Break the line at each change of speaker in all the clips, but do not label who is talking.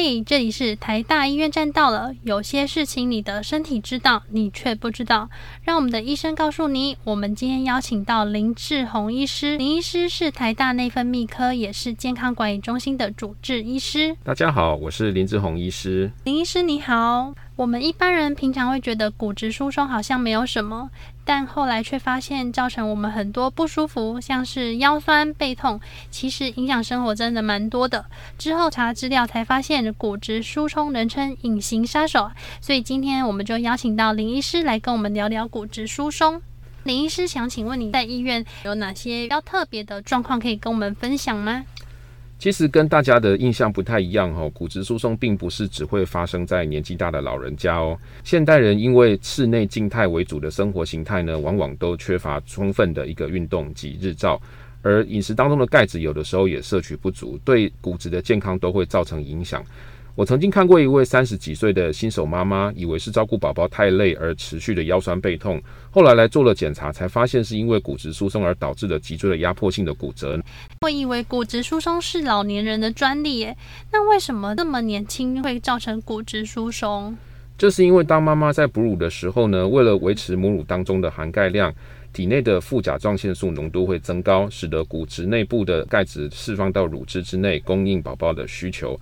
嘿，這裡是台大醫院站到了。有些事情你的身體知道，你卻不知道，讓我們的醫生告訴你。我們今天邀請到林志弘醫師，林醫師是台大內分泌科，也是健康管理中心的主治醫師。
大家好，我是林志弘醫師。
林醫師你好。我們一般人平常會覺得骨質疏鬆好像沒有什麼，但後來卻發現造成我們很多不舒服，像是腰酸背痛，其實影響生活真的蠻多的。之後查資料才發現，骨質疏鬆人稱隱形殺手，所以今天我們就邀請到林醫師來跟我們聊聊骨質疏鬆。林醫師，想請問你在醫院有哪些比較特別的狀況可以跟我們分享嗎？
其實跟大家的印象不太一樣齁，骨質疏鬆並不是只會發生在年紀大的老人家哦。現代人因為室內靜態為主的生活形態呢，往往都缺乏充分的一個運動及日照，而飲食當中的鈣質有的時候也攝取不足，對骨質的健康都會造成影響。我曾經看過一位三十幾歲的新手媽媽，以為是照顧寶寶太累而持續的腰痠背痛，後來來做了檢查，才發現是因為骨質疏鬆而導致的脊椎的壓迫性的骨折。
我以為骨質疏鬆是老年人的專利，耶，那為什麼這麼年輕會造成骨質疏鬆？
這是因為當媽媽在哺乳的時候呢，為了維持母乳當中的含鈣量，體內的副甲狀腺素濃度會增高，使得骨質內部的鈣質釋放到乳汁之內，供應寶寶的需求。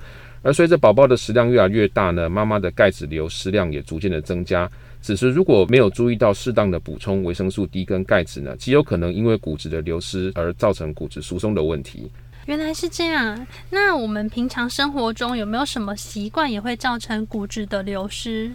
而隨着寶寶的食量越來越大呢，媽媽的鈣質流失量也逐漸的增加。此時如果沒有注意到適當的補充維生素 D 跟鈣質呢，極有可能因為骨質的流失而造成骨質疏鬆的問題。
原來是這樣啊，那我們平常生活中有沒有什麼習慣也會造成骨質的流失？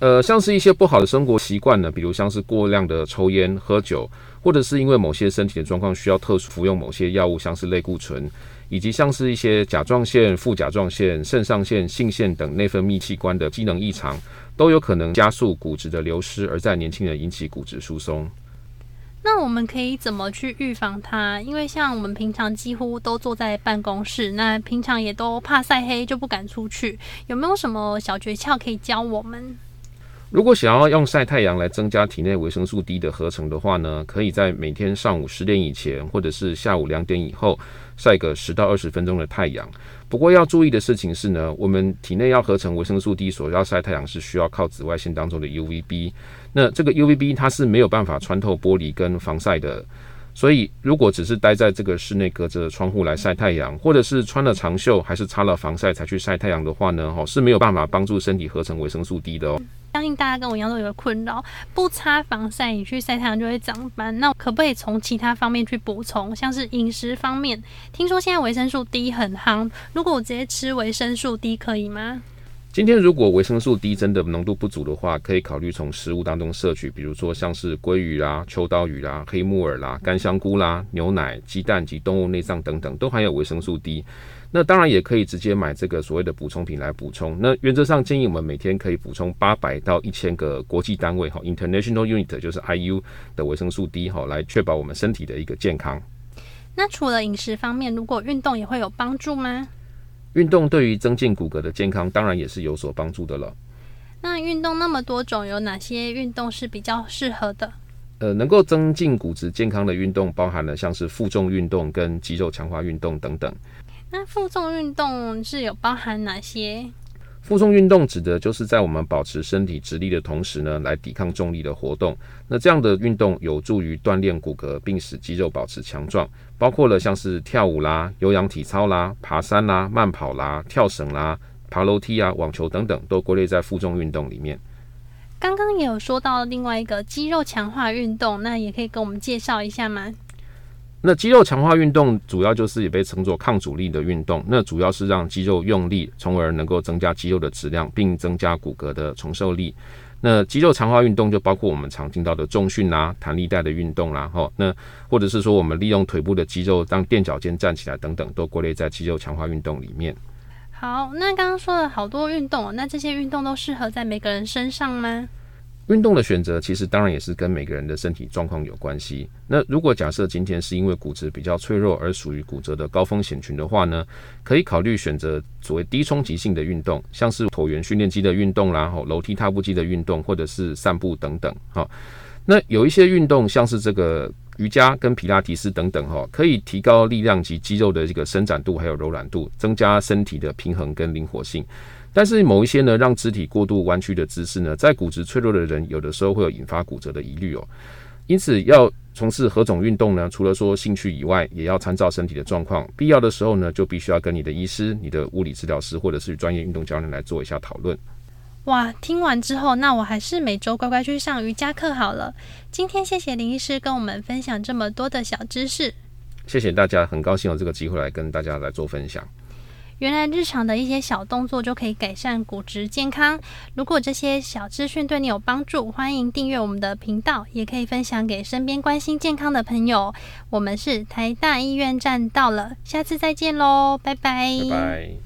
呃，像是一些不好的生活習慣呢，比如像是過量的抽煙、喝酒。或者是因為某些身體的狀況需要特殊服用某些藥物，像是類固醇，以及像是一些甲狀腺、副甲狀腺、腎上腺、性腺等內分泌器官的機能異常，都有可能加速骨質的流失，而在年輕人引起骨質疏鬆。
那我們可以怎麼去預防它？因為像我們平常幾乎都坐在辦公室，那平常也都怕曬黑，就不敢出去。有沒有什麼小訣竅可以教我們？
如果想要用曬太陽來增加體內維生素 D 的合成的話呢，可以在每天上午十點以前，或者是下午兩點以後曬個十到二十分鐘的太陽。不過要注意的事情是呢，我們體內要合成維生素 D，所要曬太陽是需要靠紫外線當中的 UVB。那這個 UVB 它是沒有辦法穿透玻璃跟防曬的。所以，如果只是待在這個室內，隔着窗戶來曬太陽，或者是穿了長袖，還是擦了防曬才去曬太陽的話呢，哦，是沒有辦法幫助身體合成維生素 D 的
哦。相信大家跟我一樣都有個困擾，不擦防曬，你去曬太陽就會長斑。那可不可以從其他方面去補充？像是飲食方面，聽說現在維生素 D 很夯，如果我直接吃維生素 D 可以嗎？
今天如果維生素 D 真的濃度不足的話，可以考慮從食物當中攝取，比如說像是鮭魚啦、秋刀魚啦、黑木耳啦、乾香菇啦、牛奶、雞蛋及動物內臟等等，都含有維生素 D。那當然也可以直接買這個所謂的補充品來補充。那原則上建議我們每天可以補充八百到一千個國際單位哈 （International Unit 就是 IU） 的維生素 D 哈，來確保我們身體的一個健康。
那除了飲食方面，如果運動也會有幫助嗎？
運動對於增進骨骼的健康，當然也是有所幫助的了。
那運動那麼多種，有哪些運動是比較適合的？
呃，能夠增進骨質健康的運動，包含了像是負重運動跟肌肉強化運動等等。
那負重運動是有包含哪些？
負重運動指的就是在我們保持身體直立的同時呢，來抵抗重力的活動。那這樣的運動有助於鍛鍊骨骼，並使肌肉保持強壯。包括了像是跳舞啦、有氧體操啦、爬山啦、慢跑啦、跳繩啦、爬樓梯啊、網球等等，都歸類在負重運動裡面。
剛剛也有說到另外一個肌肉強化運動，那也可以跟我們介紹一下嗎？
那肌肉強化運動主要就是也被稱作抗阻力的運動，那主要是讓肌肉用力，從而能夠增加肌肉的質量，並增加骨骼的承受力。那肌肉強化運動就包括我們常聽到的重訓啦、啊、彈力帶的運動啦、啊，哈。那或者是說我們利用腿部的肌肉當墊腳尖站起來等等，都歸類在肌肉強化運動裡面。
好，那剛剛說了好多運動，那這些運動都適合在每個人身上嗎？
運動的選擇其實當然也是跟每個人的身體狀況有關係。那如果假設今天是因為骨質比較脆弱而屬於骨折的高風險群的話呢，可以考慮選擇所謂低衝擊性的運動，像是橢圓訓練機的運動啦、樓梯踏步機的運動，或者是散步等等。哈。那有一些運動，像是這個瑜伽跟皮拉提斯等等，哈，可以提高力量及肌肉的這個伸展度，還有柔軟度，增加身體的平衡跟靈活性。但是某一些呢，讓肢體過度彎曲的姿勢呢，在骨質脆弱的人，有的時候會有引發骨折的疑慮哦。因此要從事何種運動呢？除了說興趣以外，也要參照身體的狀況，必要的時候呢，就必須要跟你的醫師、你的物理治療師或者是專業運動教練來做一下討論。
哇，聽完之後，那我還是每周乖乖去上瑜伽課好了。今天謝謝林醫師跟我們分享這麼多的小知識。
謝謝大家，很高興有這個機會來跟大家來做分享。
原來日常的一些小動作就可以改善骨質健康。如果這些小資訊對你有幫助，歡迎訂閱我們的頻道，也可以分享給身邊關心健康的朋友。我們是台大醫院站到了，下次再見嘍，拜拜。拜拜